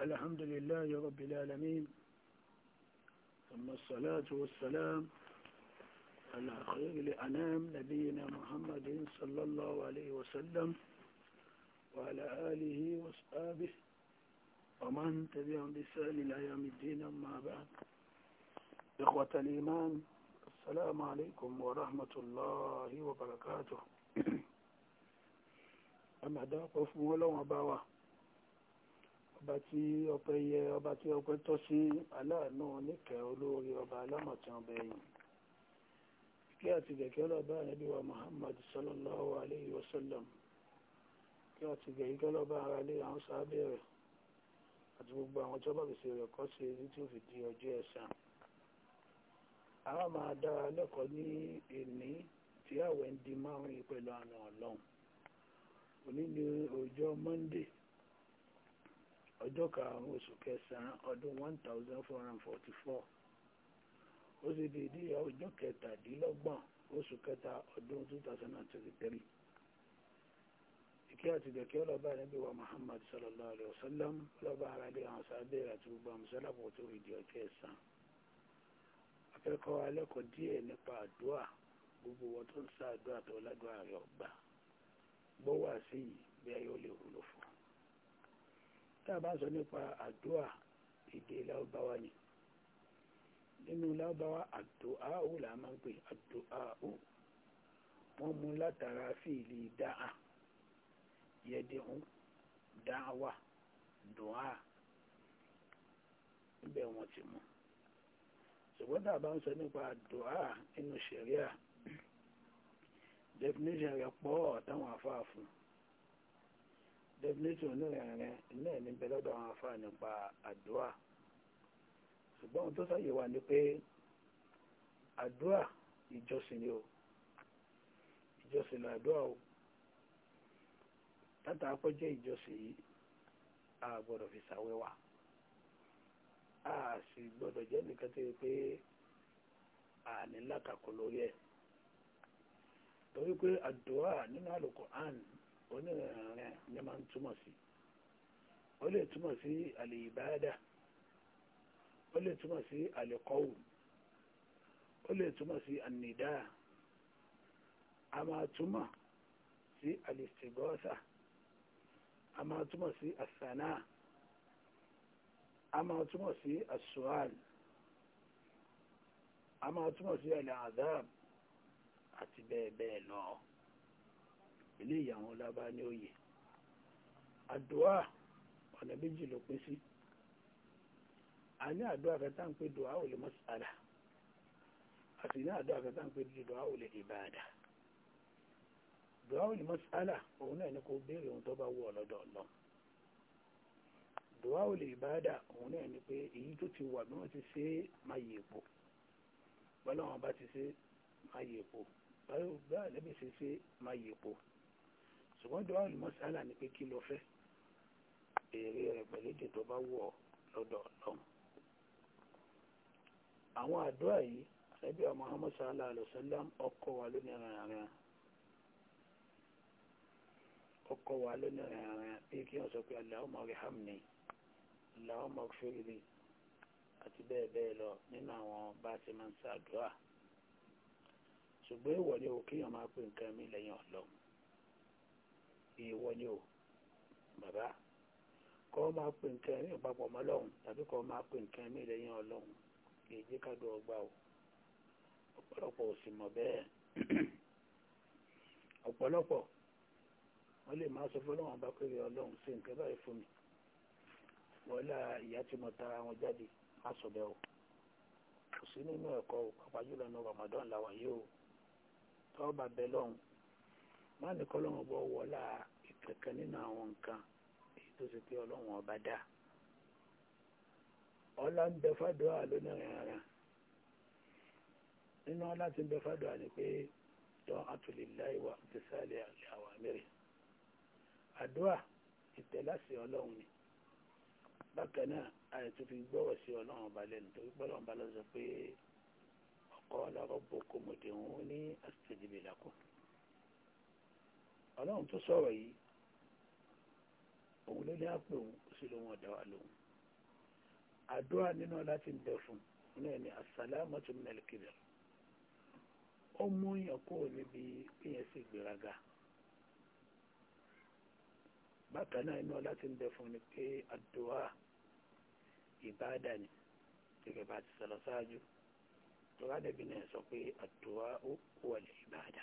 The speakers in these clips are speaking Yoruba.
الحمد لله رب العالمين ثم الصلاة والسلام على خير الأنام نبينا محمد صلى الله عليه وسلم وعلى آله وصحابه ومن تبعهم بسال إلى يوم الدين أما بعد إخوة الإيمان السلام عليكم ورحمة الله وبركاته أما دا قف مولا ọba tí ọpẹ́ yẹ ọba tí ọpẹ́ tọ́ sí aláàánú oníkẹ́ olóore ọba alámọ̀tán ọba ẹ̀yìn kí àti gẹ̀kẹ́ lọ́ba ànábì wa Muhammad sallallahu alayhi wa sallam kí àti gẹ̀kẹ́ lọ́ba ara lé àwọn sábẹ́ rẹ̀ àti gbogbo àwọn tó bá bèsè rẹ̀ kọ́ sí etí tó fi di ọjọ́ ẹ̀san àwa ọjọ́ Monday ọjọ́ karùn-ún oṣù kẹsàn-án ọdún 1444 ó sì dédé ọjọ́ kẹtàdínlọ́gbọ̀n oṣù kẹta ọdún 2023 ìkẹ́ àti ìdẹ̀kẹ́ ọlọ́bà níbi wa Muhammad sallallahu alaihi wasallam ọlọ́bà ara lè àwọn sábẹ́ àti gbogbo àmúsálàpọ̀ tó rí di ọjọ́ ẹ̀sán akẹ́kọ̀ọ́ alẹ́kọ̀ọ́ díẹ̀ nípa àdúà gbogbo wọn tó ń sá àdúà tó ládùá rẹ̀ ọgbà gbọ́wà sí yìí bí ayọ́ lè wúlò fún tá a bá sọ nípa àdúà èdè lábáwá ni nínú lábáwá àdúà ó là máa ń pè àdúà ó wọ́n mú látara fìlì dáa yẹ́dẹ̀hún dáwà dùá níbẹ̀ wọ́n ti mú ṣùgbọ́n tá sọ nípa dùá nínú ṣẹ̀ríà definition rẹ̀ pọ̀ táwọn afáà definition ní yẹn náà ní bẹ lọ́dọ̀ àwọn afá nípa àdúrà ṣùgbọ́n tó sáyè wà ní pé àdúrà ìjọsìn ni o ìjọsìn o tátà ìjọsìn yìí a gbọ́dọ̀ fi sàwẹ́wà a sì gbọ́dọ̀ jẹ́ nìkan tó yẹ pé a lórí ẹ̀ torí pé onírìnrìn ní máa ń túmọ̀ sí ó lè túmọ̀ sí àlèyìbáadà ó lè túmọ̀ sí àlèkọ́wù ó lè túmọ̀ sí ànìdá a máa túmọ̀ sí àlèsìgọ́sà a máa túmọ̀ sí àsànà a máa túmọ̀ sí àsùwàl a máa túmọ̀ sí àlè àdáàb àti lọ. No ilé ìyàwó lábá ní òye àdúà ọ̀nà méjì ló pín sí a ní àdúà kẹta ń pè dùá ò lè mas'ala a sì ní àdúà kẹta ń pè dùá ò lè ìbádà dùá ò mas'ala òun náà ní kó béèrè ohun tó bá wù ọ́ lọ́dọ̀ Ọlọ́run dùá ò lè ìbádà òun náà ní pé èyí tó ti wà bí wọ́n ti ṣe máa yè epo bọ́lá wọn bá ti ṣe máa yè epo báyọ̀ bá lẹ́bí ṣe ṣe máa yè epo ṣùgbọ́n dọ́wọ́ ni mọ́sálà ni pé kí lo fẹ́ béèrè rẹ̀ pẹ̀lú èdè tó bá wù ọ́ lọ́dọ̀ ọlọ́run àwọn àdúrà yìí ẹbí ọmọ Muhammad sallallahu alaihi wasallam ọkọ wa lónìí rìnrìn ọkọ wa lónìí rìnrìn bí kí wọ́n sọ pé Allahumma irhamni Allahumma ighfirli àti bẹ́ẹ̀ bẹ́ẹ̀ lọ nínú àwọn bá ti máa ń ṣàdúrà ṣùgbọ́n ìwọ̀lẹ́ òkèèyàn máa pè nǹkan mi lẹ́yìn ọlọ́run èèwọ̀ ni o bàbá kọ́ máa pè nǹkan ẹ̀mí ìpapọ̀ mọ́ lọ́hùn tàbí kọ́ máa pè nǹkan ẹ̀mí lẹ́yìn ọlọ́hùn kì í jẹ́ ká dùn ọgbà o ọ̀pọ̀lọpọ̀ ò sì mọ̀ bẹ́ẹ̀ ọ̀pọ̀lọpọ̀ wọ́n lè máa sọ fọ́lọ́wọ́n bá pé ọlọ́hùn sí nǹkan báyìí fún mi wọ́n lá ìyá tí mo tara wọn jáde má sọ bẹ́ẹ̀ o kò sí nínú ẹ̀kọ́ pàápàá jùlọ ní Ramadan làwọn yìí o tọ́ bá bẹ lọ́hùn má ní kọ́lọ́run bọ́ wọlá ìkankan nínú àwọn nǹkan èyí tó ṣe pé ọlọ́run ọba dá ọlá ń bẹ fàdúrà lónìí ara nínú ọlá ti ń bẹ fàdúrà ni pé tọ́ àtúlélàí wa ti sálẹ̀ àwọn mẹ́rin àdúrà ìtẹ̀láṣẹ ọlọ́run ni bákan náà àìtú fi gbọ́rọ̀ sí ọlọ́run ọba lẹ́nu torí pé ọlọ́run ọba lọ sọ pé ọkọ ọlọ́rọ̀ bó kò mọ̀dé ọlọ́run tó sọ̀rọ̀ yìí òun ló ní àpè òun sí ló wọn dáwà lóhun àdúrà nínú láti bẹ fún náà ni asàlámọ́tò mẹ́lìkìlẹ̀ ó mú yàn kúrò níbi kíyàn sí gbéraga bákan náà inú láti bẹ fún ni pé àdúrà ìbáadà ni gẹ́gẹ́ bá ti sọ̀rọ̀ ṣáájú tó rádẹ́bí náà sọ pé àdúrà ó wọlé ìbáadà.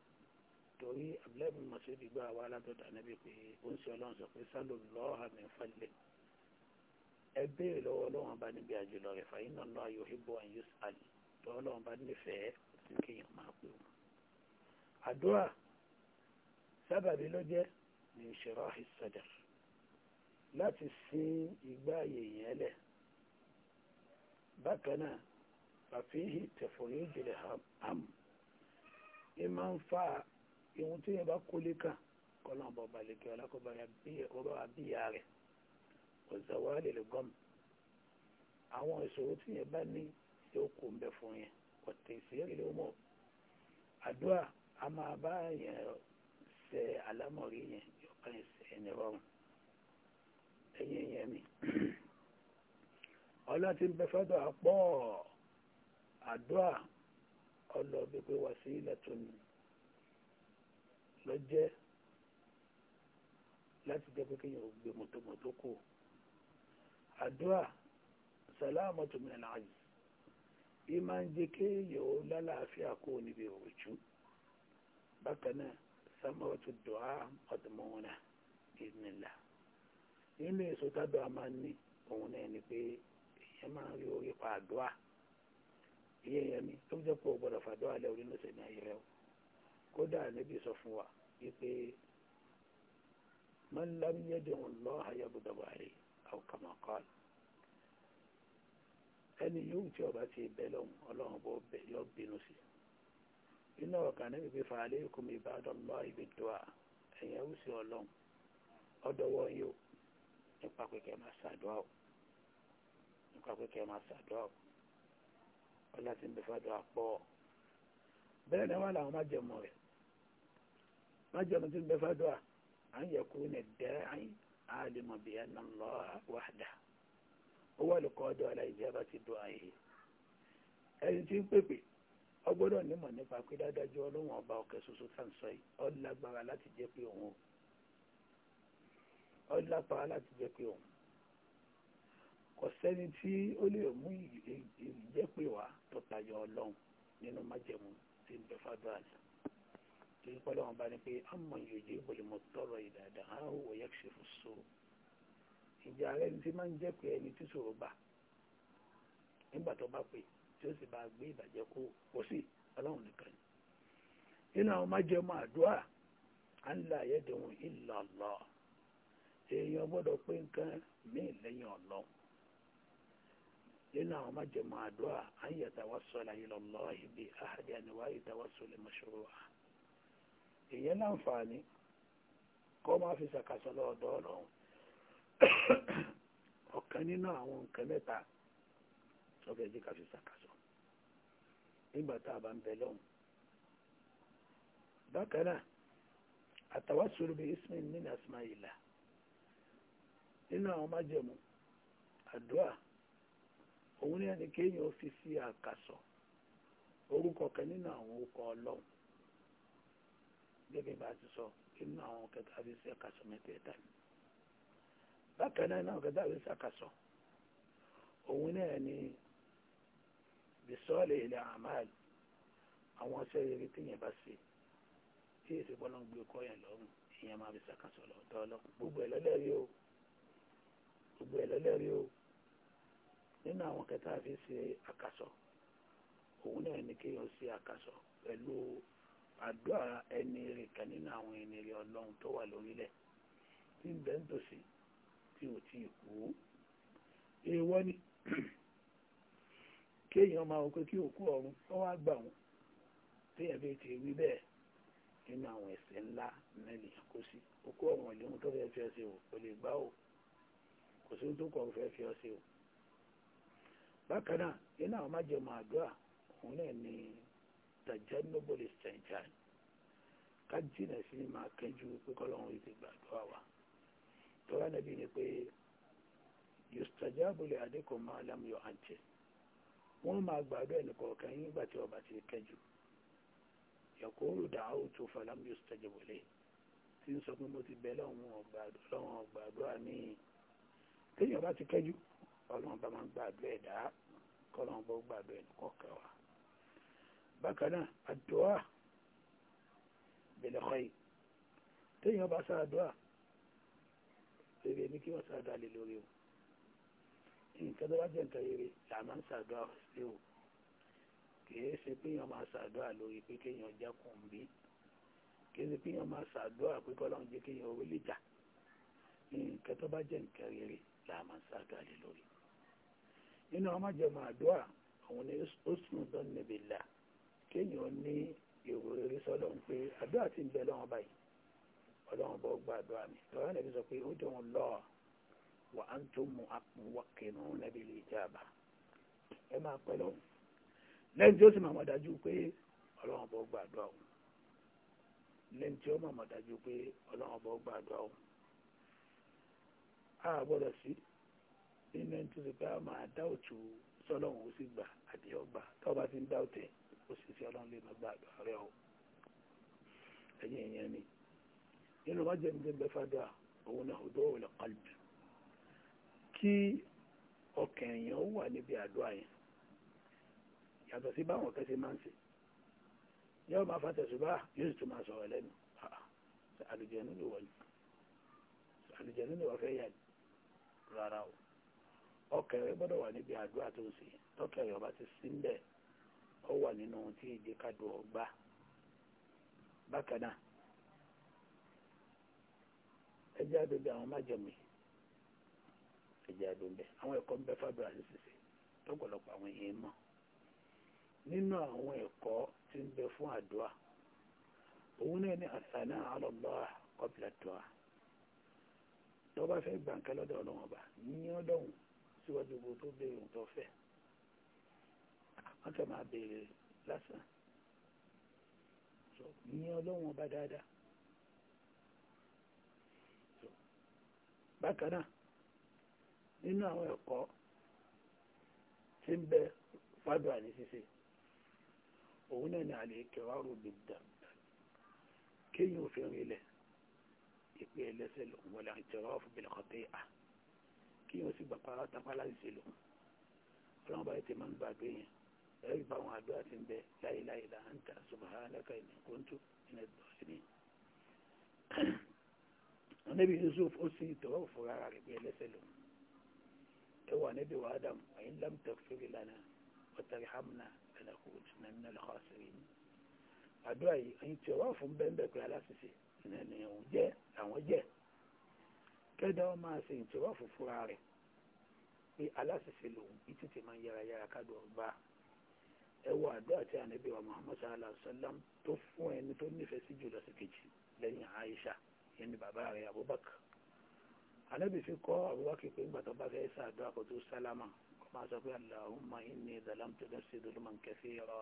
torí abúlẹ́bí masudi gbà wá látọ̀dọ̀ anábì pé ó ń ṣe ọlọ́run sọ pé sálò lọ́ọ̀hà mi fálẹ̀ ẹ béèrè lọ́wọ́ ọlọ́run bá níbi àjùlọ rẹ̀ fàyín náà lọ́ọ́ ayò hebo and use ali tọ́ ọlọ́run bá nífẹ̀ẹ́ tí kéèyàn máa pè wọ́n. àdúrà sábàbí ló jẹ́ ní ìṣòro àìsàdà láti sin ìgbà yèèyàn lẹ̀ bákan náà fàfihì tẹ̀fọ̀rí ìjìnlẹ̀ hàm ẹ máa ń ìwọ̀n tí yẹn bá kó lé ká kọ́lọ́n bọ̀ balẹ̀ kí ọlákọ̀ọ́bá wa bíyà rẹ̀ ọ̀sẹ̀ wa lè lè gọ́m àwọn ìṣòro tí yẹn bá ní yóò kó ń bẹ fún yẹn ọ̀tẹ̀ ìṣẹ́rì ló mọ̀ àdúrà a máa bá yẹn ṣe àlámọ̀rí yẹn yóò bá yẹn ṣe ẹni rọrùn ẹ̀yìn yẹn mi ọlá ti ń bẹ fẹ́dọ̀ àpọ̀ àdúrà ọlọ́ọ̀bí pé wà sí ilẹ̀ tó nìyí lọ jẹ́ láti jẹ́ pé kéèyàn gbé mọ̀tòmọ̀tò kù àdúrà sàlámà tó mìíràn àyè yìí máa ń jẹ́ kéèyàn ó lálàáfíà kó níbi òrùjú bákan náà sámọ́rọ̀ tó dùá ọ̀dùnmọ́wọ́nà ìdínlá nínú èso tádọ́ a máa ń ní òun náà ni pé èèyàn máa ń rí orí pa àdúrà ìyẹn ni tó jẹ́ pé ó gbọ́dọ̀ fàdúrà lẹ́wọ̀n nínú sẹ́ni ayẹyẹ o kódà níbi sọ fún wa wípé man lam yad'u Allah yaghdab alayhi aw kama qala ẹni yóò tí ọba ti bẹ lọ́hùn ọlọ́run bó bẹ yọ bínú sí iná ọ̀kan níbi pé fa alaykum ibadallahi bid-du'a ẹ̀yìn ẹ̀wùsí ọlọ́run ọdọwọ́ yóò nípa pé kẹ́ máa ṣàdúrà o nípa pé máa ṣàdúrà o ọlá ti ń bẹ fàdúrà pọ̀ bẹ́ẹ̀ ni wọ́n làwọn má jẹ mọ́ rẹ̀ májẹ̀mú tí ń bẹ fàdúrà an yakuna ad-da'i aliman bi anna Allaha wahdahu huwa al-qadiru ala ijabati du'a'ihi ẹni tí ń pèpè ọgbọ́dọ̀ nímọ̀ nípa pé dájú ọlọ́wọ́n ọba ọ̀kẹ́ ṣoṣo fáǹsọ yìí ó lágbára láti jẹ́ pé òun ó lágbára láti jẹ́ pé òun kò sẹ́ni tí ó lè mú ìjẹ́pẹ̀ wá tó tayọ ọlọ́run nínú májẹ̀mú tí ń bẹ fàdúrà náà. torí pọ́lọ́ a bá ní pé ọmọ ìyòjì olùmọ̀ tọrọ ìdàdà á wò yẹ ṣe so ìjà rẹ ti máa ń jẹ́ ẹni tí sòrò ba nígbà tó bá tí ó sì bá gbé ìbàjẹ́ kó kó sí ọlọ́run nìkan ni àwọn àdúrà èèyàn pé nǹkan míì àwọn àdúrà èyẹ láǹfààní kọ́ máa fi ṣàkàṣọ lọ́ọ̀dọ́ ọ̀nà ọ̀kan nínú àwọn nǹkan mẹ́ta sọ́fẹ́ jí ká fi ṣàkàṣọ nígbà tá a bá ń bẹ lọ́hùn bákan náà àtàwásùlù ismail nínú nínú àwọn májẹ̀mú àdúrà òun ní ẹni gẹ́gẹ́ bá ti sọ inú àwọn kẹta fi sí àkàsọ mẹ́tẹ̀ẹ̀ta bákan náà náà kẹta fi sí àkàsọ òun náà ni bisọ́ọ̀lì ilẹ̀ amal àwọn ọṣẹ́ rere tí yẹn bá ṣe tí èsì bọ́lá ń gbé kọ́yàn lọ́rùn ìyẹn máa fi sàkàsọ lọ́tọ́ ọlọ́run gbogbo ẹ̀ lọ́lẹ́rí o gbogbo ẹ̀ lọ́lẹ́rí o nínú àwọn kẹta fi ṣe àkàsọ òun náà ni kéèyàn ṣe àkàsọ pẹ̀lú àdúrà ẹni rẹ̀ kan nínú àwọn ẹni rẹ̀ ọlọ́run tó wà lórílẹ̀ tí ń bẹ ń tí ò tí kú ni kéèyàn máa wọ kí òkú ọ̀run ó wá gbà wọn tí fi ti rí bẹ́ẹ̀ nínú àwọn ẹ̀ṣẹ̀ ńlá mẹ́lì kó sí o kò lè o kò sí tó kọ̀ fẹ́ o bákan náà nínú àwọn náà tajannubu al-istinjan ká jìnà sí máa kẹjú pé kọ́lọ́run ti gbàdúrà wa tọ́lá nàbí ni pé yustajabu li ahadikum ma lam yu'ajjil wọ́n máa gbàdúrà ẹnìkọ̀ọ̀kan yín gbà tí ọba ti kẹjú yaqulu da'awtu falam yustajabu li tí ń sọ pé mo ti bẹ̀ lọ́wọ́n gbàdúrà ní kéèyàn bá ti kẹjú ọlọ́run bá máa ẹ̀dá kọ́lọ́run bá gbàdúrà ẹnìkọ̀ọ̀kan bákan náà àdúrà bẹ̀lẹ̀kọ́ yìí téèyàn bá ṣàdúrà rere ní kí wọ́n ṣàdúrà lè lórí o nǹkan tó bá jẹ́ nǹkan rere là máa ń ṣàdúrà sí o kìí ṣe péyàn máa ṣàdúrà lórí pé kéèyàn jẹ́ kùnbí kìí ṣe péyàn máa ṣàdúrà pé kọ́lọ́run jẹ́ kéèyàn orí lè jà nǹkan tó bá jẹ́ nǹkan rere là ń ṣàdúrà lè lórí nínú ọmọ jẹ́ máa dúà òun ni ó sùn dán níbi là kéèyàn ní èrò rere sọ́dọ̀ ń pé àdúrà ti ń bẹ lọ́wọ́ báyìí ọlọ́run bọ́ gba àdúrà mi lọ́wọ́ nàbí sọ pé ó dùn lọ wà á ń tó mu àpòwọ́kẹ́nu nàbí lè jẹ́ àbá ẹ máa pẹ́ lọ́wọ́ lẹ́yìn tí ó sì máa mọ̀ dájú pé ọlọ́run bọ́ gba àdúrà òun lẹ́yìn tí ó máa mọ̀ dájú pé ọlọ́run bọ́ gba àdúrà òun á gbọ́dọ̀ sí nínú ẹni tó ti pé a máa dá òtù sọ́lọ́run ó sì gbà àti ọgbà tọ́ba ó sì fi ọlọ́run lè má gba àdúrà rẹ o ẹ̀yìn ìyẹn ni nínú má jẹ́ ní bẹ́ẹ̀ fàdà òun náà odò òun lọ́kàlùbì kí ọkàn èèyàn ó wà níbi àdúrà yẹn yàtọ̀ sí báwọn kẹsí máa ń ṣe yóò máa fàtẹ̀sùbá yóò sì tún máa sọ̀rọ̀ lẹ́nu àlùjẹ̀nu ló wọlé àlùjẹ̀nu ló wà fẹ́ yà rárá o ọkàn rẹ gbọ́dọ̀ wà níbi àdúrà tó ń rẹ ọba ti sí ń bẹ́ẹ̀ ó wà nínú ohun tí èdè kádùn ọgbà bákan náà ẹjẹ àdóbi àwọn májọmí ẹjẹ àdóbi àwọn ẹ̀kọ́ ń bẹ fábíà ṣiṣẹ lọ́pọ̀lọpọ̀ àwọn èèyàn mọ̀ nínú àwọn ẹ̀kọ́ tí ń bẹ fún àdúrà òun náà ní àṣàná àlọlọ kọbìlà dùà tó bá fẹ́ gbà ń kẹ lọ́dọ̀ Ọlọ́run ọba yíyan lọhùn síwájú gbogbo tó bẹ ohun tó fẹ́. wọ́n kẹ́ máa béèrè lásán ìyẹn ọlọ́run ọba dáadáa bákan náà nínú àwọn ẹ̀kọ́ tí ń bẹ fádùá ní ṣíṣe òun náà ni àlè kẹwàárò bí dàmbà kéyìn òfin rílẹ̀ ìpé ẹlẹ́sẹ̀ lòun wọlé àjọwọ́ fún bí lọ́kọ̀tẹ́ à kéyìn ó sì gbà pàrọ̀ tapá láti ṣe lòun ọlọ́run bá ti máa ń gbàgbé yẹn lẹ́yìn bá àwọn àdúrà ti ń bẹ láìláì láńtà subhanaka inni kuntu minaz zalimin ànábì Yusuf ó sì tọ́wọ́ fúra rẹ̀ pé ẹlẹ́sẹ̀ lòun ẹwà ànábì wa Adam ayin lam taghfir lana wa tarhamna lanakunanna minal khasirin àdúrà yìí ayin tí ọwọ́ fún bẹ́ẹ̀ pé aláṣẹṣe ìnànà ẹ̀hún jẹ́ àwọn jẹ́ kẹ́dà ọ máa ṣe ìtìwọ́ fúra rẹ̀ pé aláṣẹṣe lòun ìtìtì máa yára yára kádùn ọba ẹwọ àdó àti ànábì wa muhammad sallallahu alaihi wa sallam tó fún ẹni tó nífẹ̀ẹ́ sí jùlọ sí kejì lẹ́yìn aisha ẹni bàbá rẹ̀ abubakar ànábì fi kọ́ abubakar pé ńgbà tó bá fẹ́ sàdó àkótó sálámà kó máa sọ pé allahumma inni zalamtu nafsi dhulman kathira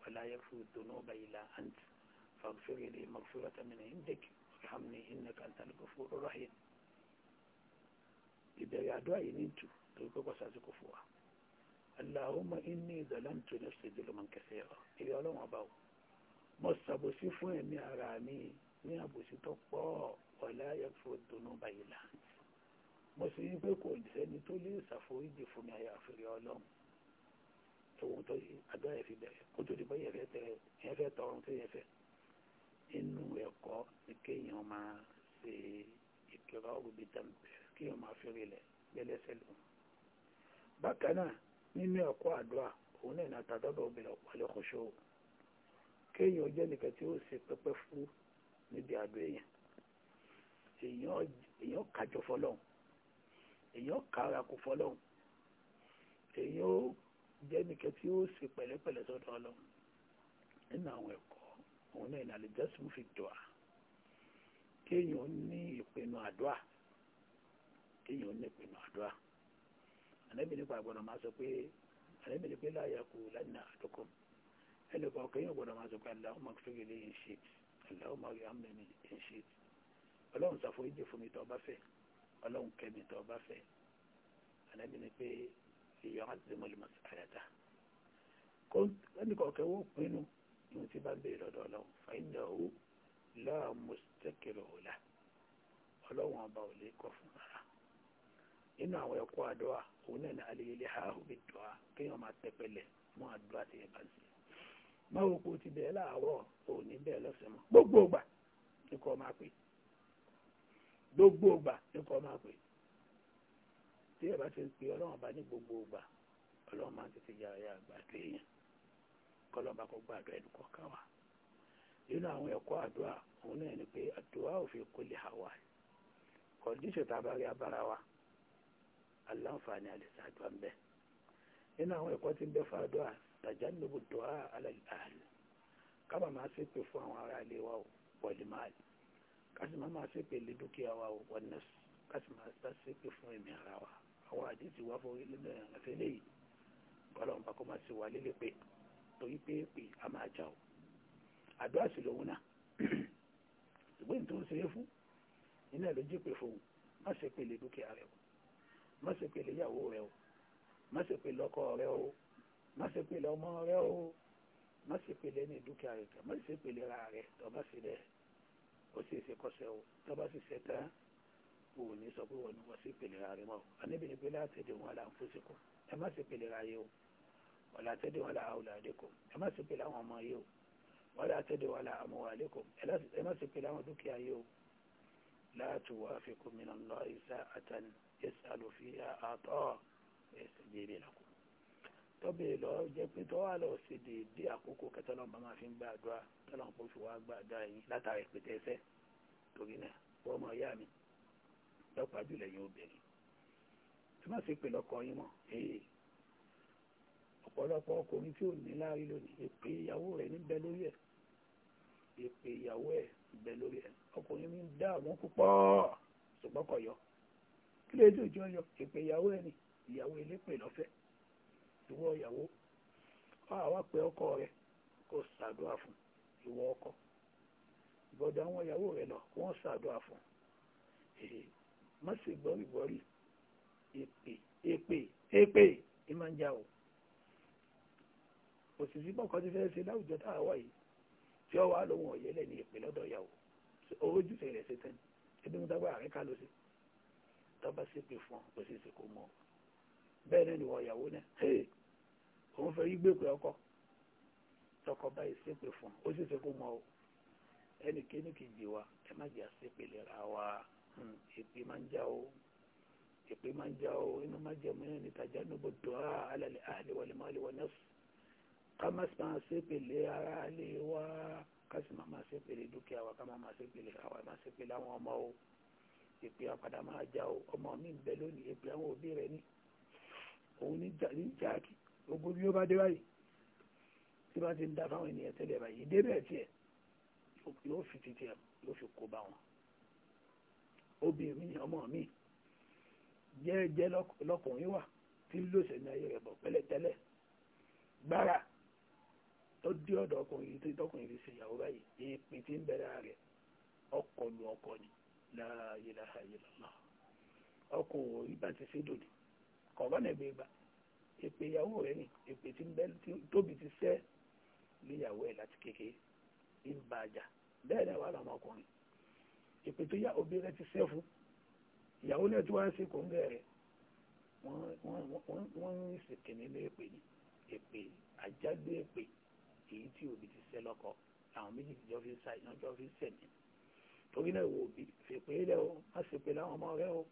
wa la yaghfiru dhunuba illa anta faghfir li maghfiratan min indik warhamni innaka antal ghafurur rahim ìbẹ̀rẹ̀ àdó àyè ní ìtù torí pé kò Allahumma inni zalamtu nafsi zulman kaseera ìrẹ́ ọlọ́run ọba o mo ṣàbòsí fún ẹ̀mí ara mi ní àbòsí tó pọ̀ wala yaghfiru dhunuba illa ant mo sì rí pé kò sẹ́ni tó lè ṣàforíjì fún mi àyàfi ìrẹ́ ọlọ́run tòun tó yí àdúrà yẹn fi bẹ̀rẹ̀ kó tó di bọ́ yẹn fẹ́ tẹ yẹn fẹ́ tọrùn inú ẹ̀kọ́ ni kéèyàn máa ṣe ìkẹ́rọ̀ òbí tán kéèyàn máa fi lẹ̀ gbẹ́lẹ́sẹ̀ lòun bákan náà nínú ẹ̀kọ́ àdúrà òun náà àtàdọ́dọ̀ obìnrin ọ̀pọ̀lẹ́ ọ̀ṣọ́ kéèyàn jẹ́ nìkan tí ó ṣe pẹ́pẹ́ fún níbi àdó èèyàn èèyàn kájọ fọlọ́hún èèyàn kára kò fọlọ́hún èèyàn ó jẹ́ nìkan tí ó ṣe pẹ̀lẹ́pẹ̀lẹ́ sọ́dọ̀ ọlọ́hún nínú àwọn ẹ̀kọ́ òun náà ìnàlẹ̀ jẹ́sùn fi dùà kéèyàn ní ìpinnu àdúrà kéèyàn ní ìpinnu àdúrà ànábì nípa àgbọ̀dọ̀ máa sọ pé ànábì ní pé láàyè kù lánà àdókòm ẹnìkan kẹyìn ọgbọ̀dọ̀ máa sọ pé aláhùnmá fèrè lè ṣe aláhùnmá rí àmì ní ṣe ọlọ́run ṣàforíjì fún mi tó bá fẹ́ ọlọ́run kẹ́ mi tó bá fẹ́ ànábì ní pé ìyọ̀ àti mọ́lẹ́mọ́ àyàtà ẹnìkan kẹwọ́ pinnu ìwọ̀n tí bá bèèrè lọ́dọ̀ ọlọ́run fàyínà nínú àwọn ẹ̀kọ́ àdúrà òun náà ní alẹ́ ilé àhùbí dùá kéèyàn máa tẹpẹlẹ mọ́ àdúrà tí ẹ bá ń ṣe máa wò pé o ti bẹ̀ẹ́ láàárọ̀ o ní bẹ̀ẹ́ lọ́sẹ̀ mọ́ gbogbo ògbà ni kò máa pè gbogbo ògbà ni kò máa pè tí ẹ bá ti ń pè ọlọ́run bá ní gbogbo ògbà ọlọ́run máa ń tètè yára yára gbàdúrà èèyàn kọlọ́ba kó gbàdúrà ẹnu kọ́ ká wa nínú àwọn ẹ̀kọ́ àdúrà òun aláǹfààní àlèsàdùà ń bẹ nínú àwọn ẹ̀kọ́ tí ń bẹ fàdùà tàjánùbù dùà alàlàálì kábà máa ṣe pé fún àwọn ará ilé wa wọlé máa lè kásì máa máa ṣe pé lè dúkìá wa wọn náà kásì máa ṣe pé fún ẹ̀mí ara wa àwọn àdìsí wa fún ilé náà fẹ́lẹ́ yìí kọ́lọ́mùbá kó máa ṣe wà lélẹ̀ pé torí pé pé a máa jà ó àdúrà sí lòun náà ṣùgbọ́n ìtòun ṣe é fún iná ló jí pé fóun má ṣe pé lè dúkìá rẹ̀ wọ́n má ṣe pèlè ìyàwó rẹ o má ṣe pèlè ọkọ rẹ o má ṣe pèlè ọmọ rẹ o má ṣe pèlè ní dúkìá rẹ má ṣe pèlè ra rẹ tọba sí rẹ ó sì ṣe kọsẹ̀ o tọba sì ṣe tán o ò ní sọ pé wọn ni wọn sì pèlè ra rẹ mọ o anábìrin pé látẹ̀dẹ̀ wọn là ń fún síkù ẹ má ṣe pèlè ra yẹ o wọn látẹ̀dẹ̀ wọn là áwòlà àdékò ẹ má ṣe pèlè àwọn ọmọ yẹ o wọn látẹ̀dẹ̀ wọn là àmọ́ wà ẹ má ṣe pèlè àwọn dúkìá yẹ o láàtúwà àfikún mìíràn lọ ìsá àtàní yẹsàlù fi àtọ ẹsẹ jèrè lọkọ tọbẹ lọ jẹ pé tọwọ àlọ ṣe déédéé àkókò kẹtọlọ bá máa fi ń gbàdúrà tọlọ kó fi wá gbàdúrà yìí látàrí pété ẹsẹ torí náà wọn mọ ìyá mi lọpàá jùlọ yìí obìnrin tí wọn sì pè lọkọ yín mọ ee ọ̀pọ̀lọpọ̀ ọkùnrin tí ò ní láàrin lónìí èpè ìyàwó rẹ̀ níbẹ̀ lórí ẹ̀ èpè ìyàwó ẹ̀ níbẹ̀ lórí ẹ̀ ọkùnrin mi ń dá àwọn púpọ̀ ṣùgbọ́n kọ̀ kí lè tó jọ yọ ìpè ìyàwó ẹni ìyàwó elépè lọ́fẹ́ ìwọ ìyàwó àwa pé ọkọ rẹ kò ṣàdúrà fún ìwọ ọkọ ìbọ̀dọ̀ àwọn ìyàwó rẹ lọ wọ́n ṣàdúrà fún èyí má sì gbọ́ ìgbọ́rí èpè èpè èpè ẹ máa ń já o òṣìṣì pọ̀kọ́ ti fẹ́ ṣe láwùjọ tá a wà yìí tí ọ wà lóhun ọ̀yẹ́lẹ̀ ní èpè lọ́dọ̀ ìyàwó owó jùṣe rẹ̀ ṣe tán ẹbí mú tágbà rẹ̀ ká lọ sí i tọ́ba sì pè fún kò sì sì kó mọ́ bẹ́ẹ̀ náà nìwọ ìyàwó náà hey òun fẹ́ yí gbé pé ọkọ tọkọ báyìí sì pè fún ó sì sì kó mọ́ o ẹnì kíní kejì wa ẹ má jẹ́ àṣepè lera wa hmm, èpè máa ń já o èpè máa ń já o inú máa jẹ́ mọ́ ẹni tajà níbo dùn á alẹ́ àlẹ́ wọlé máa lè wọ nẹ́sù ká má sì máa ṣépè lé ara lé wa ká sì máa máa ṣépè lé dúkìá wa ká má máa ṣépè lé ara wa má ṣépè lé àwọn ọmọ o èpè àpàdà máa jà ó ọmọ mi ń bẹ lónìí èpè àwọn òbí rẹ ní òun ní jáàkì gbogbo bí ó bá dé báyìí tí bá ti ń da fáwọn ènìyàn tẹ́lẹ̀ báyìí débẹ̀ tiẹ̀ yóò fi títí ẹ̀ yóò fi kó bá wọn obìnrin ọmọ mi jẹ́ẹ́jẹ́ lọ́kùnrin wà tí ń lòsẹ̀ ní ayé rẹ̀ bọ̀ pẹ́lẹ́tẹ́lẹ̀ gbára tó dé ọ̀dọ̀ ọkùnrin tí tọkùnrin fi ṣèyàwó báyìí èèpì tí ń bẹ̀rẹ̀ rẹ̀ ọkọ̀ lu ọkọ̀ ni la ilaha illallah ọkọ ìgbà ti ṣe dòdì kọ̀ọ̀bọ̀nà ẹ̀bẹ̀ ìgbà èpè ìyàwó rẹ̀ ni èpè tí ń bẹ tóbi ti sẹ́ níyàwó ẹ̀ láti kékeré ń ba àjà bẹ́ẹ̀ náà wà lọ́mọ ọkùnrin èpè tó yá òbí rẹ̀ ti sẹ́ fún ìyàwó náà tí wọ́n á ṣe kò ń bẹ̀rẹ̀ wọ́n ń ṣèkìní ní èpè ni èpè àjálù èpè èyí tí òbí ti sẹ́ lọ́kọ làwọn méjì jọ fi ń sa ìyànjọ́ fi ń sẹ̀mí torí náà wò bí fèpè lẹ́ o má ṣe pé láwọn ọmọ rẹ o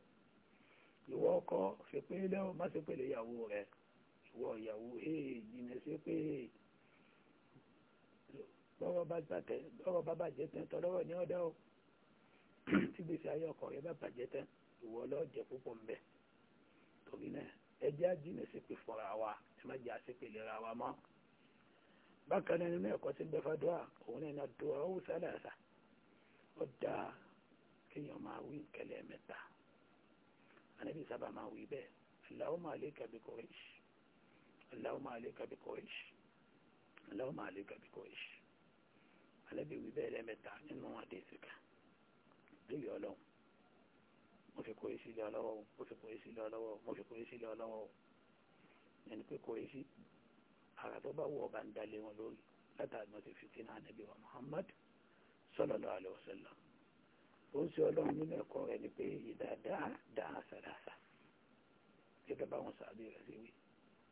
ìwọ ọkọ fèpè lẹ́ o má ṣe pé lè yàwó rẹ ìwọ ìyàwó ee jìnnà sí pé lọ́rọ̀ bá bàtẹ́ lọ́rọ̀ bá bàjẹ́ tán tọ́lọ́rọ̀ ní ọ̀dá o tí gbèsè ayé ọkọ rẹ bá bàjẹ́ tán ìwọ lọ́ọ̀jẹ̀ púpọ̀ ń torí náà ẹjẹ́ àjìnà sí pé fọ́ra wa ẹ má jẹ́ àṣepè lera wa mọ́ bákan náà nínú ẹ̀kọ́ tí ń bẹ òun náà dùn ọ́ sálàsà ọjà kéèyàn máa wí kẹlẹ́ mẹ́ta anabi sábà máa wí bẹ́ẹ̀ Allahumma alayka bi Quraysh Allahumma alayka bi Quraysh Allahumma alayka bi Quraysh anabi wí bẹ́ẹ̀ lẹ́mẹ́ta nínú àdéhùn kan lórí ọlọ́run mo fi Quraysh lé ọlọ́wọ́ mo fi Quraysh lé ọlọ́wọ́ mo fi Quraysh lé ọlọ́wọ́ ẹni pé Quraysh ara tó bá wọ ọba ń dalé wọn lórí látàgbọ́n ti fi sínú anabi wa Muhammad sallallahu alaihi wasallam ó ń ṣe ọlọ́run nínú ẹ̀kọ́ rẹ̀ ni pé ìdáadáa dáa sàdáàsà gẹ́gẹ́ báwọn sàbí rẹ̀ sí wí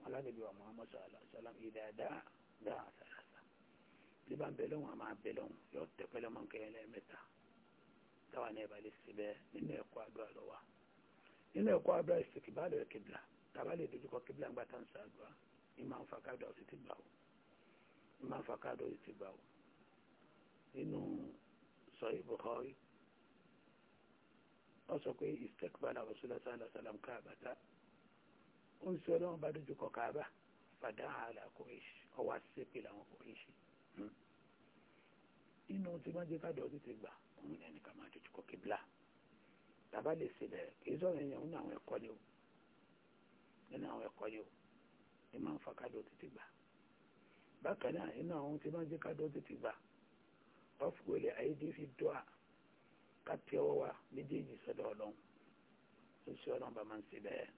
wọn lágbègbè wa Muhammad sallallahu alaihi wasallam ìdáadáa dáa sàdáàsà bí bá ń bẹ lọ́wọ́n a máa bẹ lọ́wọ́n yóò tẹ̀pẹ́ lọ́mọ kẹyìn lẹ́ẹ̀mẹ́ta táwa náà ìbàlẹ̀ sí bẹ́ẹ̀ nínú ẹ̀kọ́ àdúrà lọ́wọ́ nínú ẹ̀kọ́ àdúrà ìsìkìbálẹ̀ kìbìlà tàbá lè dojúkọ kìbìlà ńgbà tá ń sàdúrà ìmọ̀ nínú sọyìn Bukhari ó sọ pé istakbala rasulullah sallallahu alaihi wasallam káàbàtà ó ń sọ ọlọ́run bá dojú kọ káàbà fàdá àlà Quraysh ọwọ́ àṣepè làwọn Quraysh nínú hmm. tí wọ́n jẹ́ káàdọ̀ ọdún ti gbà òun ní ẹnìkan máa dojú kọ kíbla tàbá lè ṣe bẹ̀rẹ̀ kì í sọ̀rọ̀ ẹ̀yàn nínú àwọn ẹ̀kọ́ ni o nínú àwọn ẹ̀kọ́ ni o ní máa ń fa káàdọ̀ ọdún ti gbà bákan náà nínú àwọn tí wọ́n jẹ́ káàdọ̀ ọdún ti gbà ọ̀fùgbọ́lẹ̀ àyèdè fi dọ́ à ká tẹ ọwọ́ wa méjèèjì sọ́dọ̀ ọlọ́run ń ṣe ọlọ́run bá máa ń ṣe bẹ́ẹ̀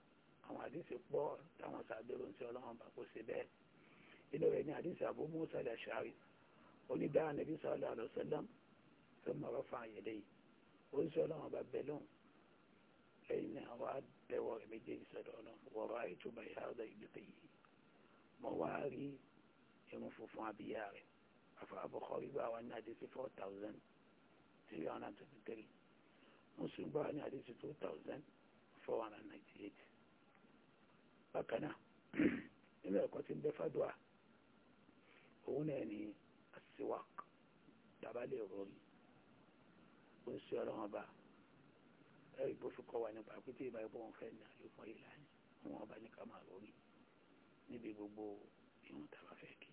àwọn àdìsí pọ̀ táwọn sàbẹ̀rù ń ṣe ọlọ́run bá kó ṣe bẹ́ẹ̀ inú rẹ̀ ní àdìsí Abu Musa al-Ash'ari onídàá Ànábì sallallahu alaihi wasallam tó mọ̀ ọ́ fún àyẹ̀dẹ́ yìí ó ń ṣe ọlọ́run bá bẹ̀ lóhùn lẹ́yìn náà wá tẹwọ́ rẹ̀ méjèèjì sọ́dọ̀ ọlọ́run wọ́rọ̀ àìtúbà ìhàdà ìgbẹ́kẹ̀yì mọ́ wá rí irun funfun abíyá rẹ̀ afọ́bọ́kọ́ gbígbà wà ní àdísí 4,323 Muslim gbà wà ní àdísí 2,498 bákanáà nínú ẹ̀kọ́ tí ń bẹ fàdùà òun náà ni asiwak dàbálẹ̀ òròrí ó ń sí ọlọ́wọ́n bá ẹ̀rí bó fi kọ́ wa nípa pété ìbá ẹgbọ́n òun fẹ́ ní àlùfọ́ ìlànà wọn bá ní ká máa lórí níbi gbogbo ìwọ̀n tàbá fẹ́ kí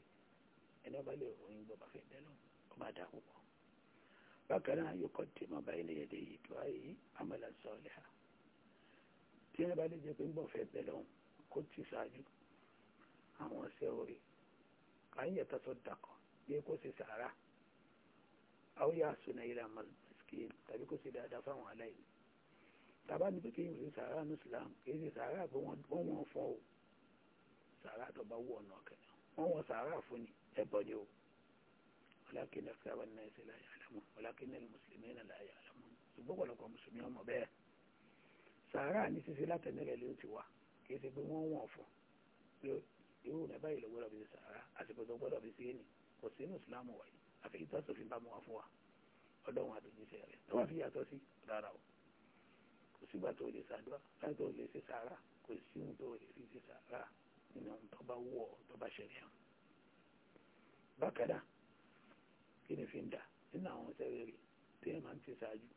ẹni ọba lè ròyìn gbọ́ bá fẹ́ bẹ́ẹ̀ lọ ọba dà púpọ̀ bákan náà yóò kọ́ tí mo bá ilé yẹ̀dẹ̀ yìí tó ayé amẹ́lá sọ̀lẹ̀ ha tí ẹni ọba lè jẹ́ pé ń bọ̀ fẹ́ bẹ́ẹ̀ lọ kó ti ṣáájú àwọn ọ̀sẹ̀ orí káyẹ̀ tọ́tọ́ dàkọ̀ bí kò ṣe sàárà àwọn yà sùn ilẹ̀ àmàlùmọ́sìkì tàbí kò ṣe dáadáa fáwọn aláìní tàbá ní pé kí sàárà ní Islam kì ṣe sàárà pé wọ́n wọ́n fọ́ o sàárà tó bá wù ọ̀nà ọ̀kẹ́ wọ́n wọ́n sàárà fún ni ẹbọ ni o walakin akthara an-nasi la ya'lamun walakin al-muslimina la ya'lamun ṣùgbọ́n pọ̀lọpọ̀ mùsùlùmí ọmọ bẹ́ẹ̀ sàárà ní ṣíṣe látẹ̀nẹ́rẹ̀ ló ti wà kì í ṣe pé wọ́n wọ̀n fún pé irú rẹ̀ báyìí ló gbọ́dọ̀ fi ṣe sàárà àsìkò tó gbọ́dọ̀ fi ṣe é nì kò sínú ìsìlámù wáyé àfi ìtọ́sọ̀fin bá mu wá fún wa ọlọ́run àtòjíṣẹ́ rẹ̀ tó wá fi yàtọ̀ sí rárá o kò sígbà tó lè ṣàdúrà láì tó lè ṣe sàárà kò sí ohun tó lè fi ṣe sàárà nínú tó bá wọ̀ tó bá ṣẹlẹ̀ hàn bákẹ́dà kí ni fi ń dà nínú àwọn sẹ́rẹ̀rì tí ẹ̀ máa ń ti ṣáájú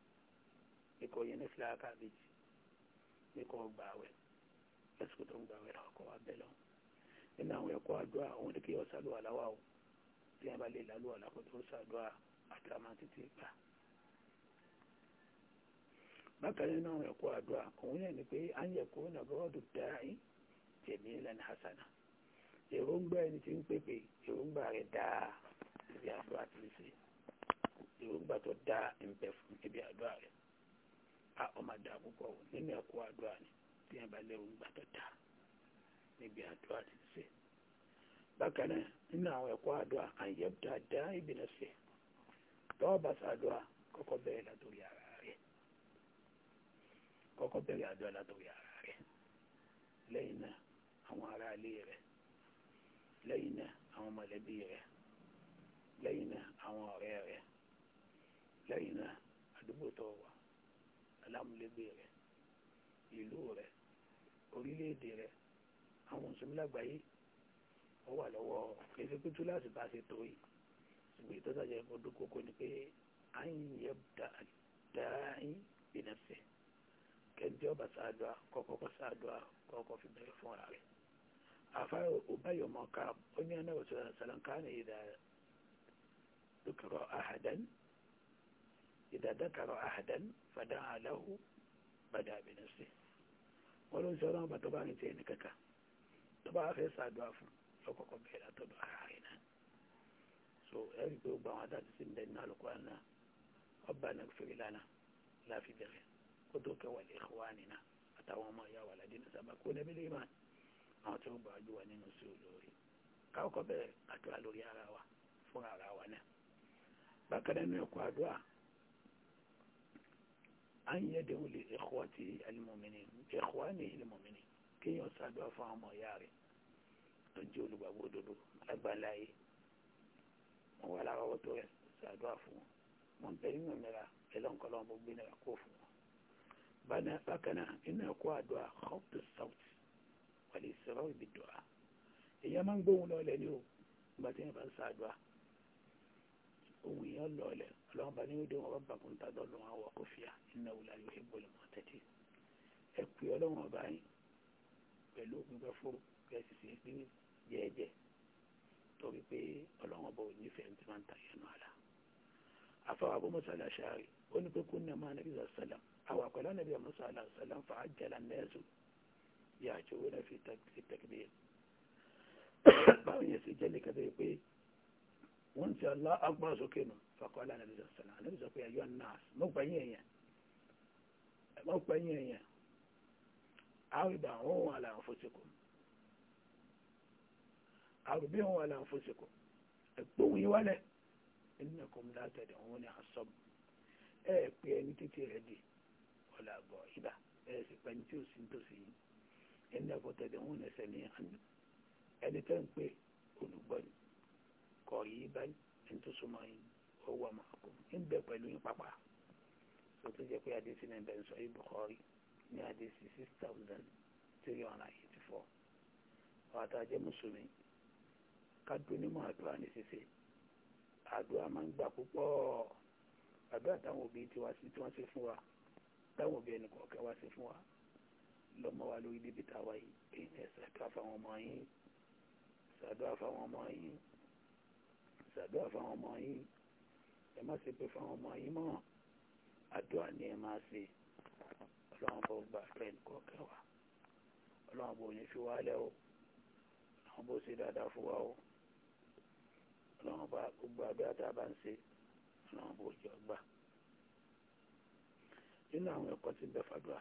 ikọ̀ yẹn ní fìlà kábíyèsí ikọ̀ gbààwẹ̀ ẹ̀sùn tó ń gbààwẹ̀ lọ́kọ̀ abẹ́lọ́ nínú àwọn ẹ̀kọ́ àdúrà àwọn oníkì ọ̀sà ló àláwà o tí ẹ̀ bá lè lálù àlákọ̀ tó ń ṣàdúrà àdúrà máa títí gbà. bákan nínú àwọn ẹ̀kọ́ àdúrà òun yẹn ni pé à ń yẹ kó nàbọ́ọ̀dù dáa yìí tẹ̀mí lẹ́nu hasana èròǹgbà ẹni tí ń pèpè daa rẹ̀ dáa níbi àdúrà tí ń daa tó dáa ń bẹ fún níbi àdúrà rẹ̀ a ọmọ àdá nínú ni tí ẹ bá léròǹgbà tó dáa níbi àdúrà tí bakana bákan náà nínú àwọn ẹ̀kọ́ àdúrà àyẹ̀bùtà dá ìbìnà sí tọ́wọ́ bá ṣàdúrà kọ́kọ́ bẹ̀rẹ̀ lẹ́yìn náà àwọn mọ̀lẹ́bí rẹ̀ lẹ́yìn náà àwọn ọ̀rẹ́ rẹ̀ lẹ́yìn náà àdúgbò tó wà alámúlégbé rẹ̀ ìlú rẹ̀ orílẹ̀-èdè rẹ̀ àwọn mùsùlùmí lágbàáyé ó wà lọ́wọ́ kẹsíkútú láti bá ṣe tó yìí ṣùgbọ́n ìtọ́sàjẹ́ ọdún kókó ni pé à ń yẹ dáhìn bínafsẹ̀ kẹ́ńtì ọba sáàdùá kọ́kọ́ sáàdùá kọ́kọ́ fi bẹ̀rẹ̀ fún ara rẹ̀ afaro ubayo mo ka oni ana wa sallallahu alaihi wasallam kana idha dhukira ahadan idha dhakara ahadan fadaa lahu bada bi nafsi wọ́n ló ń sọ́rọ̀ ọba tó bá ní tẹ́ẹ̀ni kankan tó bá fẹ́ sàdúrà fún lọ́kọ̀ọ́kọ́ bẹ̀rẹ̀ àtọ́dọ̀ ara rẹ̀ náà so ẹ̀rí pé ó gba àwọn adájú sí ilẹ̀ náà lóko àná ọba náà fèrè lánàá láfi bẹ̀rẹ̀ kó tó kẹwàá lè wá nínà àtàwọn ọmọ ìyá wà ládínà sábà kó nẹ́bí lè máa àwọn tí ó gbà ojú wa nínú sí olórí káwọ́kọ́ bẹ̀rẹ̀ àdúrà lórí ara wa fún ara wa náà bákan náà ní ọkọ̀ àdúrà à ń yẹ dẹ́wò lè ẹ̀kọ́ ti alimọ̀mìnì ẹ̀kọ́ ní ilimọ̀mìnì kéèyàn ṣàdúrà fún àwọn ọmọ ìyá rẹ̀ tó jẹ́ olùgbàgbọ́ òdodo lágbàláyé wọn wà lára ọwọ́ tó rẹ̀ ṣàdúrà fún wọn wọn bẹ nínú ìnira ẹlọ́nkọ́lọ́ wọn gbé nira kó fún wọn bákan náà ẹ̀kọ́ àdúrà hope to south wàlẹ ìṣòro ìbí dùà èèyàn máa ń gbóhùn lọlẹ ní o ìgbà tí yẹn bá ń ṣàdùà ohun èèyàn lọlẹ Ọlọ́run bá ní ó dẹwọn bá bàkún tá lọ lọrun àwọ kò fìyà iná wùlà yóò fi bọlẹ mọ tẹtí ẹ pè Ọlọ́run ọba yín pẹ̀lú gbígbẹ fún kẹsì sí pé jẹẹjẹ torí pé Ọlọ́run ọba ò ní pé يعجبون في التكبير báwọn yẹn sì jẹ́ nìkan tó yẹ pé wọ́n ti ọlá agbọ́n sókè nù faqala nàbí sọ̀sọ̀lá nàbí sọ pé ayọ́ náà mọ̀ gbẹ̀yìn èèyàn mọ̀ gbẹ̀yìn èèyàn àrùbá òun wà láwọn fòsìkò àrùbí òun wà láwọn fòsìkò ẹ̀gbọ́n yìí wálẹ̀ innakum la tad'una àsọ̀bù ẹ̀ pé ẹni títí rẹ̀ di ọ̀làgbọ̀ ìbà ẹ̀ sì pẹ̀lú tí ó sì ń tòsí yìí ẹnẹ́kùn tẹ̀lẹ̀ ń ẹsẹ̀ ní àná ẹni tẹ́ ń pè olùgbọ́ni kọ̀ yìí báyìí ẹni tó súnmọ́ yìí owó ọmọ ọkùnrin ń bẹ pẹ̀lú yín pápá tó tó jẹ́ pé adé sí ní ẹbẹ̀ ń sọ yìí Bukhari ní adé six thousand three hundred eighty four ọ̀tá jẹ́ mùsùlùmí kájú onímọ̀ àdúrà ní ṣíṣe àdúrà máa ń gbà púpọ̀ àdúrà táwọn òbí tiwa sí tí wọ́n ṣe fún wa táwọn òbí ẹnì kọ̀ọ̀kan wá ṣe fún wa lọ́mọ wa lórí débi tá a wáyé ẹ̀yin ẹ̀ ṣàdúrà fáwọn ọmọ yín ṣàdúrà fáwọn ọmọ yín ṣàdúrà fáwọn ọmọ yín ẹ má ṣe pé fáwọn ọmọ yín mọ́ àdúrà ni ẹ máa ṣe ọlọ́run bó gba fẹ́ẹ̀n kọ̀ọ̀kan wa ọlọ́run bó ní fi wálẹ̀ o ọlọ́run bó ṣe dáadáa fún wa o ọlọ́run bá gbogbo àdúrà tá ń ṣe ọlọ́run bó jọ gbà nínú àwọn ẹ̀kọ́ tí ń fàdúrà.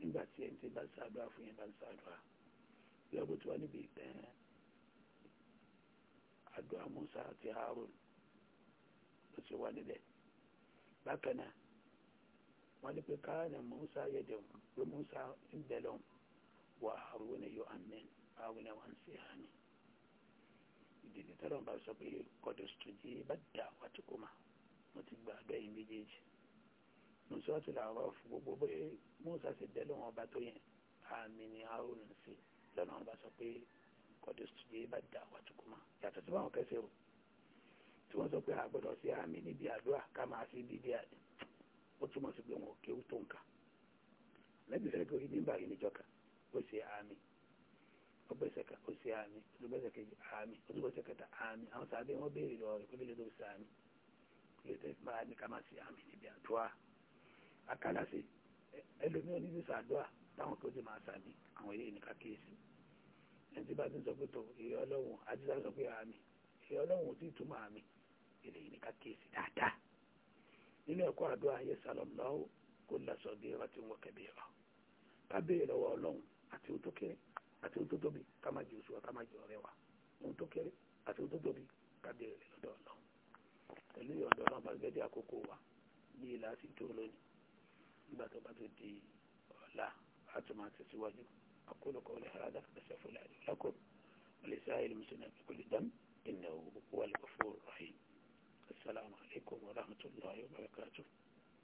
nígbà tí ẹni tí bá ń ṣàdúrà fún yẹn bá ń ṣàdúrà yọ bó ti wà níbi ìtàn àdúrà Musa àti Harun ló ti wà níbẹ̀ bákan náà wọ́n ní pé káàdà Musa yẹ̀dẹ̀ pé Musa ń bẹ̀ lọ́wọ́ wà Harun yóò amẹ́n Harun náà wọ́n ń ṣe hàn ní ìdílé tọ́lọ́mù bá sọ pé kọ́dọ̀ sọ bá dà wàtí kò mo ti gbà bẹ́ẹ̀ méjèèjì nùsọ́tù làárọ̀ fún gbogbo pé Mùsá sì dẹ́ lọ́wọ́n ọba tó yẹn àmì ni Haruna ń ṣe lọ́nà ọba sọ pé kọ́dé sùdé bá dà wà tó kùmà yàtọ̀ sí báwọn kẹsẹ̀ o tí wọ́n sọ pé a gbọ́dọ̀ sí àmì níbi àdúrà ká máa sí bíbí àdé ó túmọ̀ sí pé wọn ò kéwú tó nǹkan lẹ́bi fẹ́ kí nígbà yìí níjọ́ kan ó ṣe àmì ó gbẹ́sẹ̀ ami ó ṣe àmì ó tún ami kejì àmì ó tún gbẹ́sẹ̀ kẹta àmì àwọn sàbẹ̀ wọn béèrè lọ́wọ́ rẹ̀ pé kí lè tó ṣe àmì kí lè tẹ́ máa ni ká máa ami ni níbi àdúrà akálàsì ẹlòmí ò ní sísà àdúrà táwọn kò ti máa sàmì àwọn eré ní kàkíyèsí ẹni tí bá ti ń sọ pé tó ìyẹ ọlọ́run ajísá sọ pé àmì ìyẹ ọlọ́run ò tí ì túmọ̀ àmì eré ní kàkíyèsí dáadáa nínú ẹ̀kọ́ àdúrà ayé sàlọ́lọ́wọ́ kó lọ́sọ̀ bí ẹwà tí wọ́n kẹ́bí ẹ̀rọ ká béèrè lọ́wọ́ ọlọ́run àti ohun tó kéré àti ohun tó tóbi ká má jẹ oṣù wa ká má jẹ ọ̀rẹ́ wa ohun tó kéré àti ohun tó tóbi ká béèrè lọ́dọ̀ ọlọ́run pẹ̀lú ìyọ̀dọ̀ ọlọ́run bá gẹ́gẹ́ àkókò wa yìí láti tó lónìí nígbà tó bá tó di ọ̀la àti أقول قولي هذا فاستغفر الله لكم ولسائر المسلمين بكل ذنب إنه هو الغفور الرحيم السلام عليكم ورحمة الله وبركاته